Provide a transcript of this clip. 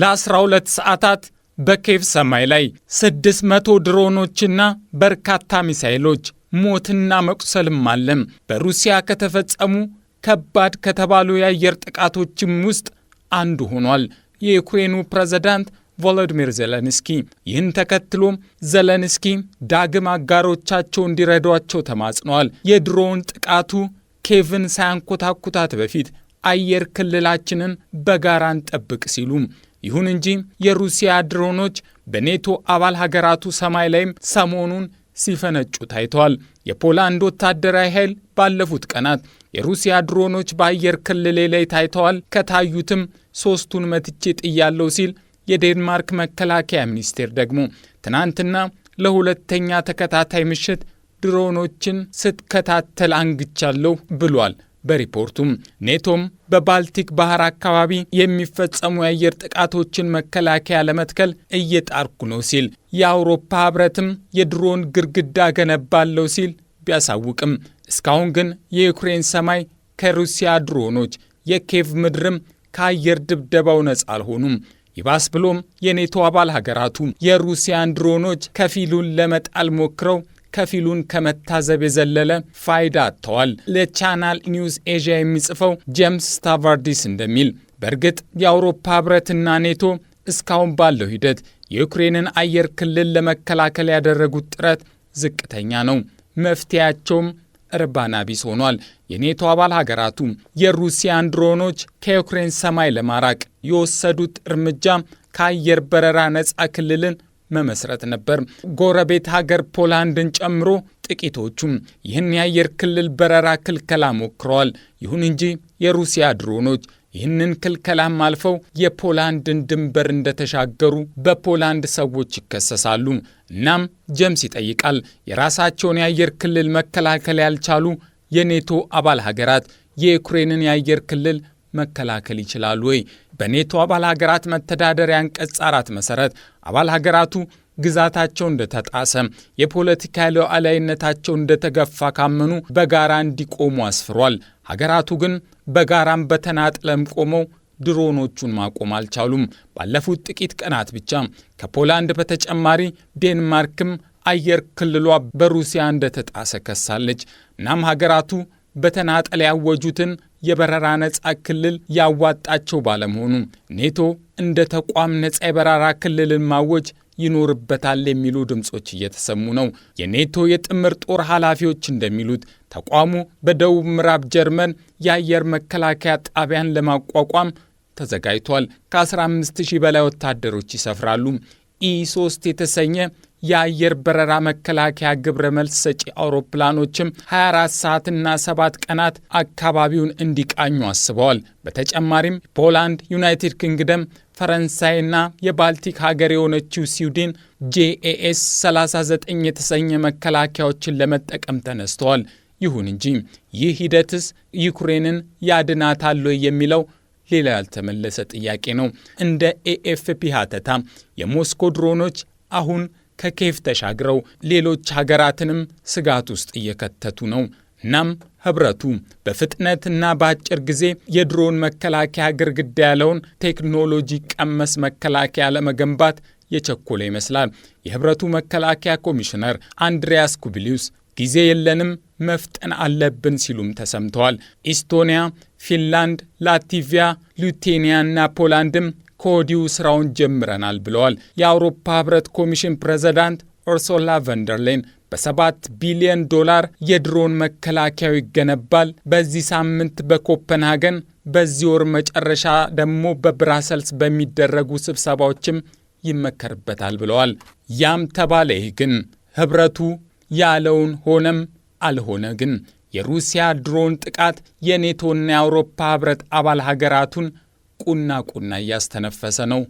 ለ12 ሰዓታት በኬቭ ሰማይ ላይ 600 ድሮኖችና በርካታ ሚሳይሎች ሞትና መቁሰልም አለም። በሩሲያ ከተፈጸሙ ከባድ ከተባሉ የአየር ጥቃቶችም ውስጥ አንዱ ሆኗል የዩክሬኑ ፕሬዝዳንት ቮሎዲሚር ዜለንስኪ ይህን ተከትሎም ዜለንስኪ ዳግም አጋሮቻቸው እንዲረዷቸው ተማጽነዋል። የድሮውን ጥቃቱ ኬቭን ሳያንኮታኩታት በፊት አየር ክልላችንን በጋራ እንጠብቅ ሲሉም ይሁን እንጂ የሩሲያ ድሮኖች በኔቶ አባል ሀገራቱ ሰማይ ላይም ሰሞኑን ሲፈነጩ ታይተዋል። የፖላንድ ወታደራዊ ኃይል ባለፉት ቀናት የሩሲያ ድሮኖች በአየር ክልሌ ላይ ታይተዋል፣ ከታዩትም ሶስቱን መትቼ ጥያለው ሲል የዴንማርክ መከላከያ ሚኒስቴር ደግሞ ትናንትና ለሁለተኛ ተከታታይ ምሽት ድሮኖችን ስትከታተል አንግቻለሁ ብሏል። በሪፖርቱም ኔቶም በባልቲክ ባህር አካባቢ የሚፈጸሙ የአየር ጥቃቶችን መከላከያ ለመትከል እየጣርኩ ነው ሲል የአውሮፓ ህብረትም የድሮን ግድግዳ ገነባለው ሲል ቢያሳውቅም እስካሁን ግን የዩክሬን ሰማይ ከሩሲያ ድሮኖች፣ የኬቭ ምድርም ከአየር ድብደባው ነጻ አልሆኑም። ይባስ ብሎም የኔቶ አባል ሀገራቱ የሩሲያን ድሮኖች ከፊሉን ለመጣል ሞክረው ከፊሉን ከመታዘብ የዘለለ ፋይዳ አጥተዋል። ለቻናል ኒውስ ኤዥያ የሚጽፈው ጄምስ ስታቫርዲስ እንደሚል በእርግጥ የአውሮፓ ህብረትና ኔቶ እስካሁን ባለው ሂደት የዩክሬንን አየር ክልል ለመከላከል ያደረጉት ጥረት ዝቅተኛ ነው። መፍትሄያቸውም እርባና ቢስ ሆኗል። የኔቶ አባል ሀገራቱ የሩሲያን ድሮኖች ከዩክሬን ሰማይ ለማራቅ የወሰዱት እርምጃ ከአየር በረራ ነፃ ክልልን መመስረት ነበር። ጎረቤት ሀገር ፖላንድን ጨምሮ ጥቂቶቹም ይህን የአየር ክልል በረራ ክልከላ ሞክረዋል። ይሁን እንጂ የሩሲያ ድሮኖች ይህንን ክልከላም አልፈው የፖላንድን ድንበር እንደተሻገሩ በፖላንድ ሰዎች ይከሰሳሉ። እናም ጀምስ ይጠይቃል። የራሳቸውን የአየር ክልል መከላከል ያልቻሉ የኔቶ አባል ሀገራት የዩክሬንን የአየር ክልል መከላከል ይችላሉ ወይ? በኔቶ አባል ሀገራት መተዳደሪያ አንቀጽ አራት መሠረት አባል ሀገራቱ ግዛታቸው እንደተጣሰ የፖለቲካ ሉዓላዊነታቸው እንደተገፋ ካመኑ በጋራ እንዲቆሙ አስፍሯል። ሀገራቱ ግን በጋራም በተናጥለም ቆመው ድሮኖቹን ማቆም አልቻሉም። ባለፉት ጥቂት ቀናት ብቻ ከፖላንድ በተጨማሪ ዴንማርክም አየር ክልሏ በሩሲያ እንደተጣሰ ከሳለች። እናም ሀገራቱ በተናጠል ያወጁትን የበረራ ነጻ ክልል ያዋጣቸው ባለመሆኑ ኔቶ እንደ ተቋም ነጻ የበረራ ክልልን ማወጅ ይኖርበታል የሚሉ ድምፆች እየተሰሙ ነው። የኔቶ የጥምር ጦር ኃላፊዎች እንደሚሉት ተቋሙ በደቡብ ምዕራብ ጀርመን የአየር መከላከያ ጣቢያን ለማቋቋም ተዘጋጅቷል። ከ15 ሺህ በላይ ወታደሮች ይሰፍራሉ። ኢ3 የተሰኘ የአየር በረራ መከላከያ ግብረ መልስ ሰጪ አውሮፕላኖችም 24 ሰዓትና 7 ቀናት አካባቢውን እንዲቃኙ አስበዋል። በተጨማሪም ፖላንድ፣ ዩናይትድ ፈረንሳይ ፈረንሳይና የባልቲክ ሀገር የሆነችው ስዊድን ጄኤኤስ 39 የተሰኘ መከላከያዎችን ለመጠቀም ተነስተዋል። ይሁን እንጂ ይህ ሂደትስ ዩክሬንን ያድናታል የሚለው ሌላ ያልተመለሰ ጥያቄ ነው። እንደ ኤኤፍፒ ሀተታ የሞስኮ ድሮኖች አሁን ከኬፍ ተሻግረው ሌሎች ሀገራትንም ስጋት ውስጥ እየከተቱ ነው። እናም ህብረቱ በፍጥነትና በአጭር ጊዜ የድሮን መከላከያ ግርግዳ ያለውን ቴክኖሎጂ ቀመስ መከላከያ ለመገንባት የቸኮለ ይመስላል። የህብረቱ መከላከያ ኮሚሽነር አንድሪያስ ኩብሊዩስ ጊዜ የለንም፣ መፍጠን አለብን ሲሉም ተሰምተዋል። ኢስቶኒያ፣ ፊንላንድ፣ ላቲቪያ፣ ሊቱዌኒያ እና ፖላንድም ከወዲሁ ስራውን ጀምረናል ብለዋል። የአውሮፓ ህብረት ኮሚሽን ፕሬዝዳንት ኡርሱላ ቨንደርሌን በሰባት ቢሊዮን ዶላር የድሮን መከላከያው ይገነባል፣ በዚህ ሳምንት በኮፐንሃገን በዚህ ወር መጨረሻ ደግሞ በብራሰልስ በሚደረጉ ስብሰባዎችም ይመከርበታል ብለዋል። ያም ተባለ ይህ ግን ህብረቱ ያለውን ሆነም አልሆነ ግን የሩሲያ ድሮን ጥቃት የኔቶና የአውሮፓ ህብረት አባል ሀገራቱን ቁና ቁና እያስተነፈሰ ነው።